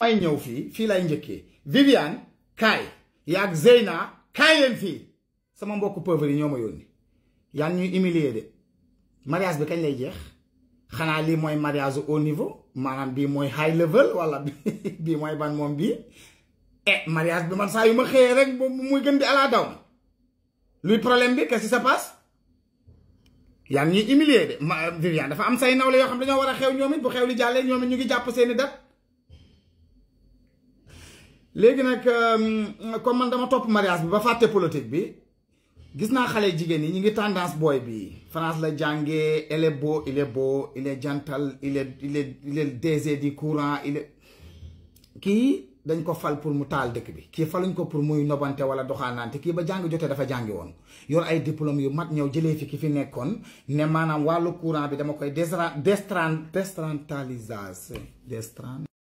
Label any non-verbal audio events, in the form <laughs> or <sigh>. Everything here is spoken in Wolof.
may ñëw fi fi lay njëkkee Viviane kay yak zeina kayen fi sama mbokku pauvre yi ñoo ma yaa ñuy humilier de mariage bi kañ lay jeex xana li moy mariage au niveau maanaam bi moy high level wala <laughs> bi moy ban mom bi eh mariage bi man sa yuma xé rek muy gën di ala daw luy problème bi qu'est-ce qui se passe yaa ñuy humilier de Viviane dafa am say nawle yo xam dañu wara xew ñomit bu xew li jàllee ñoom ñu ngi japp seeni dat léegi nag euh, comme man dama topp mariage bi ba fàtte politique bi gis naa xale jigéen yi ñu ngi tendance booy bi France la jàngee il est beau il est beau il est gentil il est courant il kii dañ ko fal pour mu taal dëkk bi kii faluñ ko pour muy nobante wala doxaanaante kii ba jàng jotee dafa jàngi woon yor ay diplôme yu mat ñëw jëlee fi ki fi nekkoon ne maanaam wàllu courant bi dama koy destran destrantalisation destran